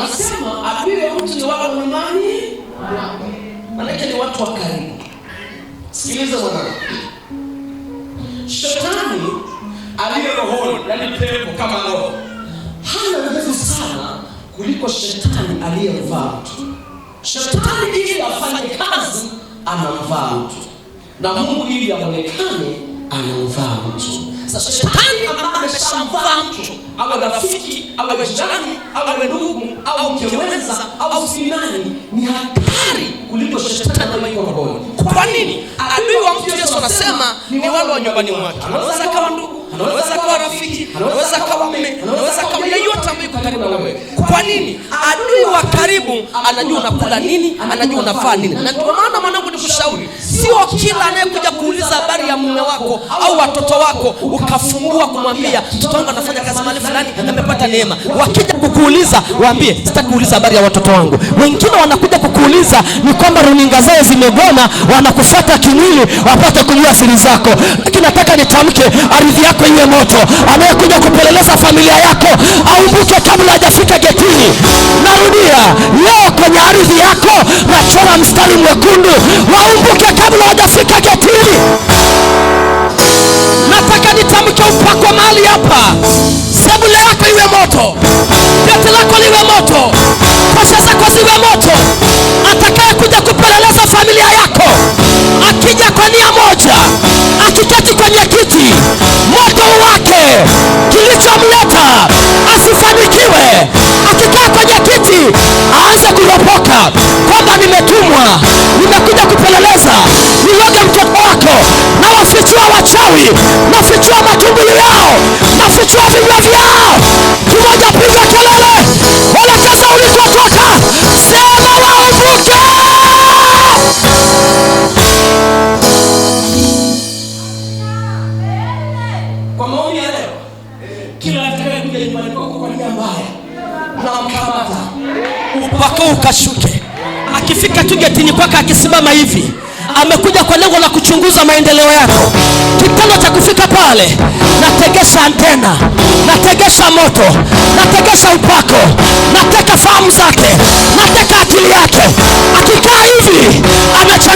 Anasema apile mtu iwapo imani manake ni watu wa karibu. Sikiliza mwanangu, shetani aliye rohoni, yaani pepo kama roho, hana nguvu sana kuliko shetani aliyemvaa mtu. Shetani ili afanye kazi anamvaa mtu, na Mungu ili aonekane anamvaa mtu. Sasa shetani ambaye ameshamvaa mtu awe rafiki awe jirani awe ndugu au kiwenza au sinani ni hatari kuliko shetani ambaye yuko rohoni. Kwa nini? Adui wa mtu Yesu anasema ni wale wa nyumbani mwake, anaweza akawa ndugu anaweza kawa rafiki, anaweza kawa mume, anaweza kuwa yeyote ambaye yuko karibu na wewe. Kwa nini? Adui wa karibu anajua unakula nini, anajua unafaa nini. Na ndio maana mwanangu, ni kushauri, sio kila anayekuja kuuliza habari ya mume wako au watoto wako ukafungua kumwambia mtoto wangu anafanya kazi mahali fulani, amepata neema. Wakija kukuuliza waambie, sitaki kuuliza habari ya watoto wangu. Wengine wanakuja kukuuliza ni kwamba runinga zao zimegoma, wanakufuata kimwili wapate kujua siri zako. Lakini nataka nitamke, ardhi yako kwenye moto, anayekuja kupeleleza familia yako aumbuke kabla hajafika getini. Narudia leo, kwenye ardhi yako nachora mstari mwekundu, waumbuke kabla hajafika getini. Nataka nitamke upako mahali hapa, sebule yako iwe moto, geti lako liwe moto, kosha zako ziwe moto. adui. Nafichua matumbili yao, nafichua vinywa vyao. Kimoja, piga kelele, elekeza ulikotoka, sema waivuke. Kwa maoni ya leo, kila atakayekuja nyumbani kwako kwa nia mbaya, namkamata mpaka ukashuke. Akifika tu getini kwako, akisimama hivi amekuja kwa lengo la kuchunguza maendeleo yako. Kitendo cha kufika pale, nategesa antena, nategesa moto, nategesa upako, nateka fahamu zake, nateka akili yake. Akikaa hivi amecha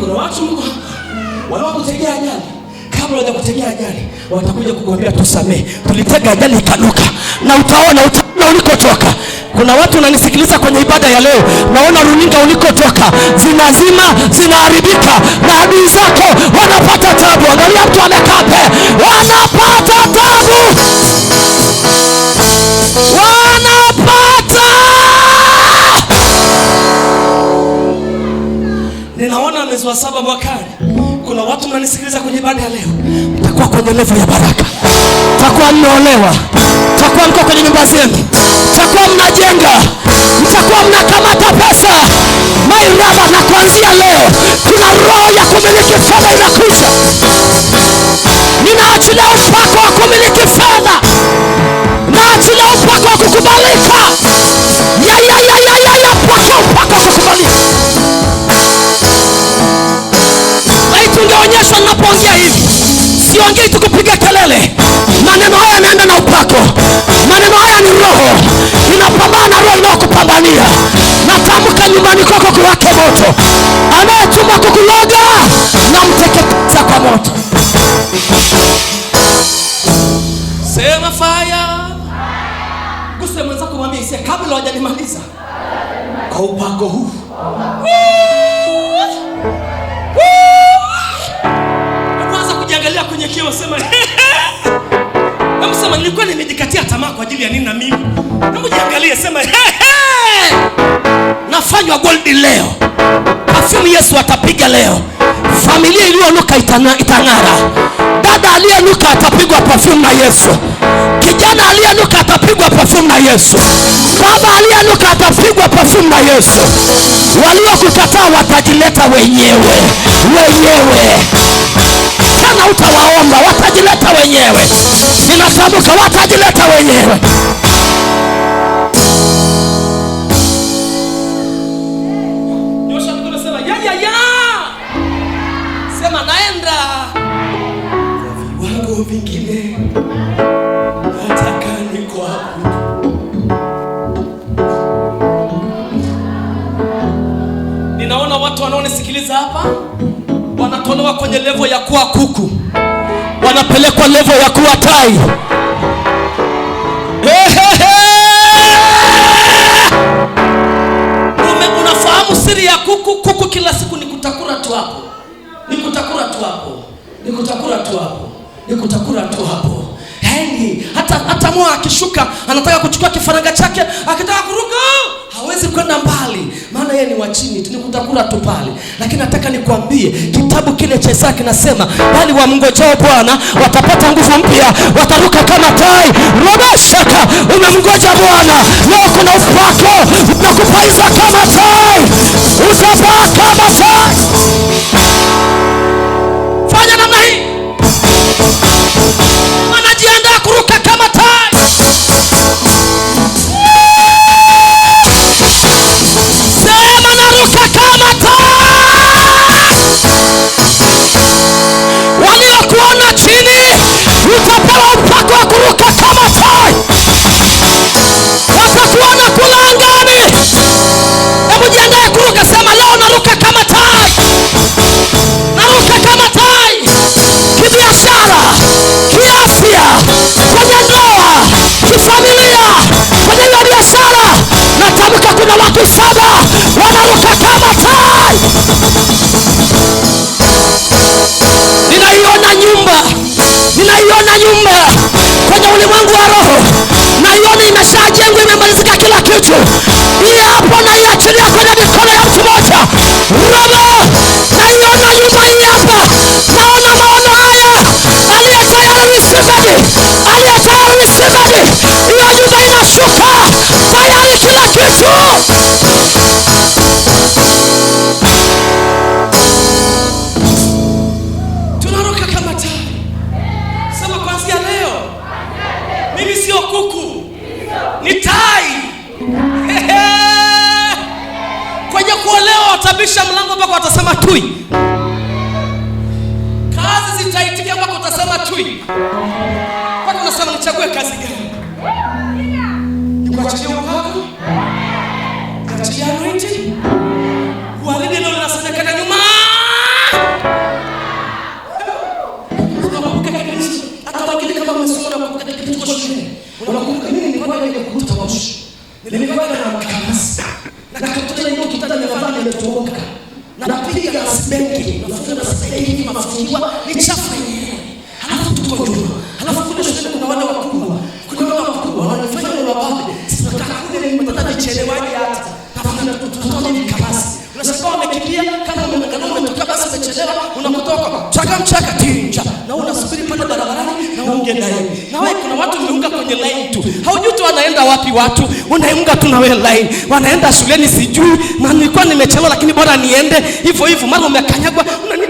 kuna watu wanaokutegea ajali. Kabla hawajakutegea ajali, watakuja kukuambia tusamee tulitega ajali ikanuka, na utaona utaona ulikotoka. Kuna watu wananisikiliza kwenye ibada ya leo, naona runinga ulikotoka, zinazima zinaharibika, na adui zako wanapata tabu. Angalia mtu anekape, wanapata tabu, wanapata mwezi wa saba mwakani, kuna watu mnanisikiliza kwenye ibada ya leo, mtakuwa kwenye levo ya baraka, mtakuwa mmeolewa, mtakuwa mko kwenye nyumba zenu, mtakuwa mnajenga, mtakuwa mnakamata pesa mairaba, na kuanzia leo kuna roho ya kumiliki fedha inakuja. Ninaachilia upako wa kumiliki fedha, naachilia upako wa kukubalika, yayayayaya, upako upako wa kukubalika tungeonyeshwa napoongea hivi, siongei kupiga kelele. Maneno haya yanaenda na upako, maneno haya ni roho, inapambana na roho inayokupambania. Natamka nyumbani kwako kuwake moto, anayetuma kukuloga na mteketeza kwa moto. Sema faya, guse mwenzako, mwambie kabla hawajanimaliza kwa upako huu kwenye kioo, sema hebu sema, nilikuwa nimejikatia tamaa kwa ajili ya nini? Na mimi hebu jiangalie, sema nafanywa goldi leo, perfume Yesu atapiga leo, familia iliyonuka itang'ara, dada aliyenuka atapigwa perfume na Yesu, kijana aliyenuka atapigwa perfume na Yesu, baba aliyenuka atapigwa perfume na Yesu, waliokukataa watajileta wenyewe wenyewe maana utawaomba, watajileta wenyewe. Ninatamka watajileta wenyewe. wanatolewa kwenye levo ya kuwa kuku, wanapelekwa levo ya kuwa tai. Ume, unafahamu siri ya kuku? Kuku kila siku ni kutakura tu hapo, ni kutakura tu hapo, ni kutakura tu hapo, ni kutakura tu hapo. hata hata akishuka anataka kuchukua kifaranga chake, akitaka kuruka hawezi kwenda mbali, maana yeye ni wa chini tu, nikutakula tu pale. Lakini nataka nikwambie kitabu kile cha Isaya kinasema, bali wamngojao Bwana watapata nguvu mpya, wataruka kama tai. Romashaka, umemngoja Bwana leo, kuna upako utakupaiza kama tai, utapaa wa roho, na Yona imeshajengwa imemalizika kila kitu. ni tai kwenye kuolewa, watabisha mlango mpaka watasema tui, kazi zitaitikia mpaka utasema tui. Kwani unasema nichague kazi gani? nikuachilie anointi, nyuma wenye kukuta wa mwisho. Nilikwenda na makanasi. Na kakuta ile ndoto tena nimefanya imetoka. Na piga asibeki. na sasa hivi mafungiwa ni Halafu tuko juu. unakutoka chaka mchaka tinja na unasubiri pale barabarani na uonge naye. Na wewe kuna watu umeunga kwenye line tu, haujui tu wanaenda wapi watu, unaunga tu na wewe line. Wanaenda shuleni sijui, na nilikuwa nimechelewa, lakini bora niende hivyo hivyo, mara umekanyagwa unani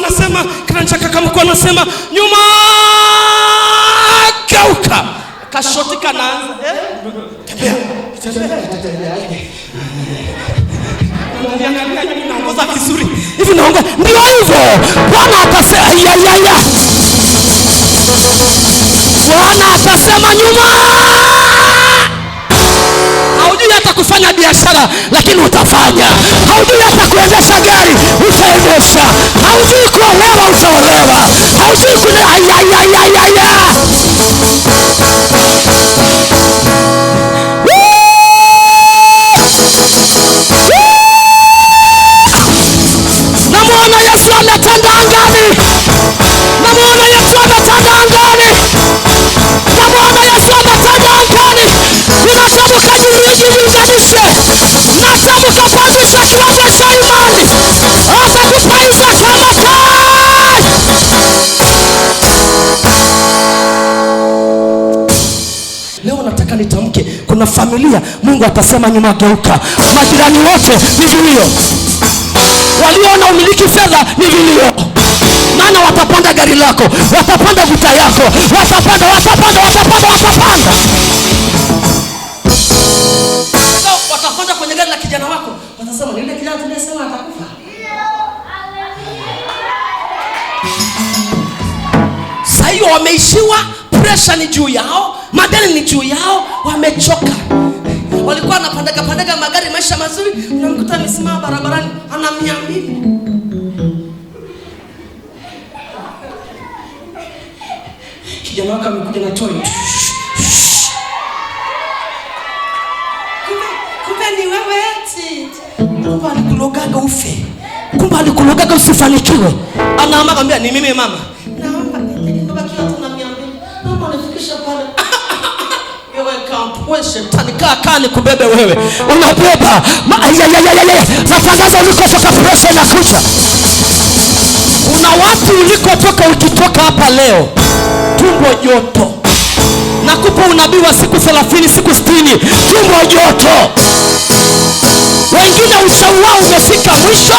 Mwanzo anasema kama Kakamko anasema nyuma geuka, kashotika na tembea naongoza vizuri hivi, naongoza ndio hivyo. Bwana akasema ya Bwana akasema nyuma haujui hata kufanya biashara, lakini utafanya. Haujui hata kuendesha gari, utaendesha. Haujui kuolewa, utaolewa. Haujui ayayayayaya. na familia, Mungu atasema nyuma, geuka. Majirani wote ni vilio, walio na umiliki fedha ni vilio, maana watapanda gari lako, watapanda vita yako, watapanda, watapanda, watapanda, watapanda. So, watapanda kwenye gari la kijana wako, watasema ni yule kijana tuliyesema atakufa. Sasa hiyo wameishiwa Presha ni juu yao, madeni ni juu yao, wamechoka. Walikuwa wanapandaga pandaga magari, maisha mazuri, unamkuta amesimama barabarani ana mia mbili kijana wake amekuja na toy. Kumbe ni wewe eti. Kumbe alikulogaga ufe. Kumbe alikulogaga usifanikiwe. Anaama kwambia ni mimi mama. wewe, shetani kaa kani wewe, unabeba sasa. ulikotoka presha inakuja, kuna watu ulikotoka. Ukitoka hapa leo, tumbo joto, nakupa unabii wa siku 30 siku 60, tumbo joto wengine uchawi wao umefika mwisho,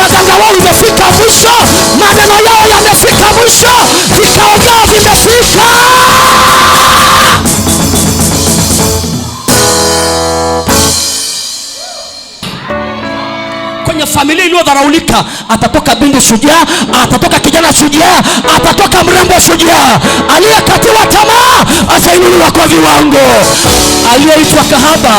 waganga wao umefika mwisho, maneno yao yamefika mwisho, vikao vyao vimefika kwenye familia iliyodharaulika, atatoka binti shujaa, atatoka kijana shujaa, atatoka mrembo shujaa. Aliyekatiwa tamaa asainuliwa kwa viwango. Aliyeitwa kahaba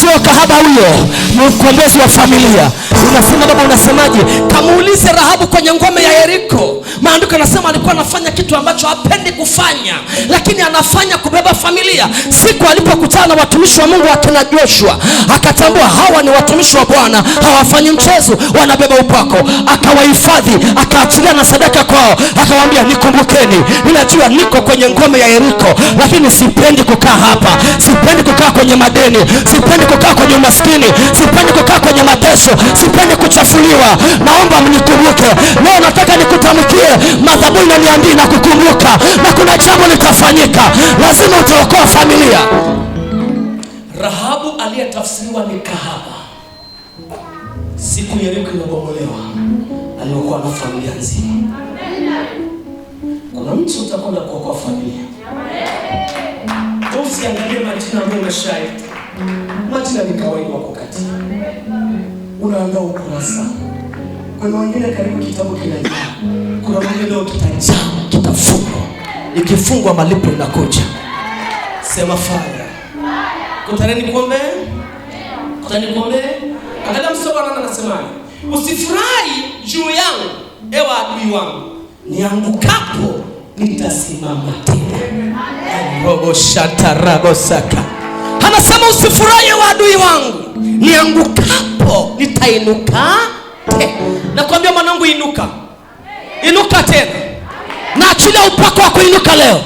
sio kahaba huyo, ni mkombozi wa familia. Unasema baba, unasemaje? Kamuulize Rahabu kwenye ngome ya Yeriko. Maandiko yanasema alikuwa anafanya kitu ambacho hapendi kufanya, lakini anafanya kubeba familia. Siku alipokutana na watumishi wa Mungu akina Joshua, akatambua hawa ni watumishi wa Bwana, hawafanyi mchezo, wanabeba upako hifadhi, akaachilia na sadaka kwao, akawaambia nikumbukeni, ninajua niko kwenye ngome ya Yeriko, lakini sipendi kukaa hapa, sipendi kukaa kwenye madeni, sipendi kukaa kwenye umaskini, sipendi kukaa kwenye mateso, sipendi kuchafuliwa. Naomba mnikumbuke leo. Nataka nikutamkie, madhabahu inaniambia na kukumbuka, na kuna jambo litafanyika, lazima utaokoa familia. Rahabu aliyetafsiriwa ni kahaba, siku Yeriko inabomolewa aliokoa na familia nzima. Kuna mtu utakwenda kuokoa familia. Usiangalie majina ambayo umeshai, majina ni kawaida wako kati, unaangaa ukurasa. Kuna wengine karibu kitabu kinajaa, kuna wengine leo kitajaa, kitafungwa. Ikifungwa malipo inakuja. Sema faya kutaneni, nikuombee, kutaneni, nikuombee. Angalia msomo anasemaje, usifurahi juu yangu, ewe adui wangu, niangukapo nitasimama tena. robo shata rabo saka, anasema usifurahi adui wangu, niangukapo nitainuka tena. Nakwambia mwanangu, inuka, inuka tena, na upako wa kuinuka leo.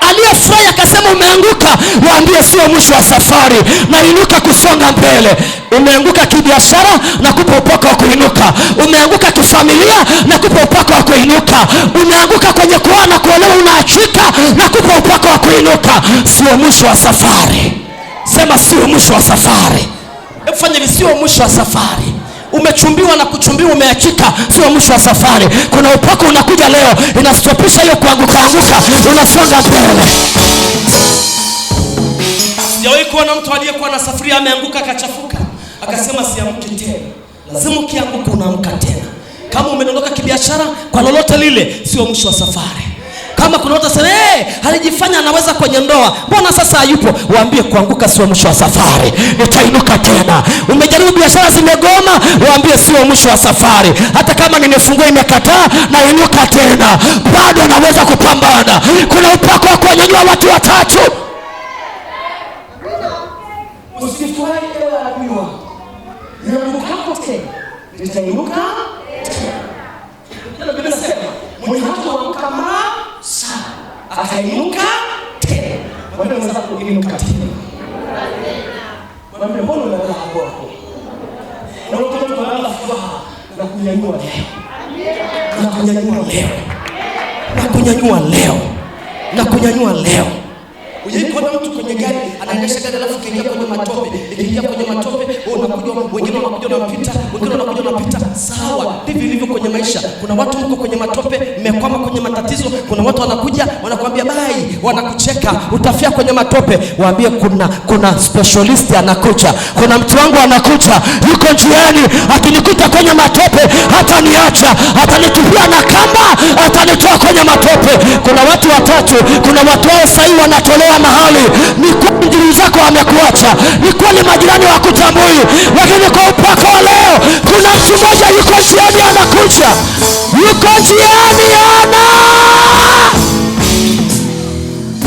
Aliyefurahi akasema umeanguka, waambie sio mwisho wa safari, nainuka kusonga mbele. Umeanguka kibiashara, na kupa upako wa kuinuka. Umeanguka kifamilia, na kupa upako wa kuinuka. Umeanguka kwenye kuoa na kuolewa, unaachika, na kupa upako wa kuinuka. Sio mwisho wa safari, sema sio mwisho wa safari. Hebu fanya sio mwisho wa safari. Umechumbiwa na kuchumbiwa umeachika, sio mwisho wa safari. Kuna upako unakuja leo, inastopisha hiyo kuanguka anguka, unasonga mbele. Sijawahi kuona mtu aliyekuwa na safuria ameanguka akachafuka akasema siamki tena. Lazima ukianguka unaamka tena. Kama umedondoka kibiashara, kwa lolote lile, sio mwisho wa safari kama kuna watu waseme hey, alijifanya anaweza kwenye ndoa, mbona sasa hayupo? Waambie kuanguka sio mwisho wa safari, nitainuka tena. Umejaribu biashara zimegoma, waambie sio mwisho wa safari. Hata kama nimefungua imekataa, nainuka tena, bado naweza kupambana. Kuna upako wa kuwanyanyua watu watatu. Usifurahi ewe adui wangu, nitainuka atainuka tena. Mwambie mwenzako inuka tena. Mwambie mbona unalala hapo hapo? Na unakuta mtu analala furaha na kunyanyua leo. Amina. Na kunyanyua leo. Na kunyanyua leo. Na kunyanyua leo. Ujaikuona mtu kwenye gari anaendesha gari alafu kaingia kwenye matope, ikiingia kwenye matope unakuja, wengine wanakuja wanapita, wengine wanakuja wanapita. Sawa, divi ilivyo kwenye maisha. Kuna watu mko kwenye matope, mmekwama kwenye matatizo. Kuna watu wanakuja wanakuambia bai, wanakucheka, utafia kwenye matope. Waambie kuna kuna specialist anakuja, kuna mtu wangu anakuja, yuko njiani, akinikuta kwenye matope hata niacha atanitupia na kamba, atanitoa kwenye matope. Kuna watu watatu, kuna watu wao sahii wanatolewa mahali, ni kweli zako amekuacha, ni kweli majirani wakutambui, lakini kwa upako wa leo kuna mtu mmoja yuko njiani anakuja, yuko njiani ana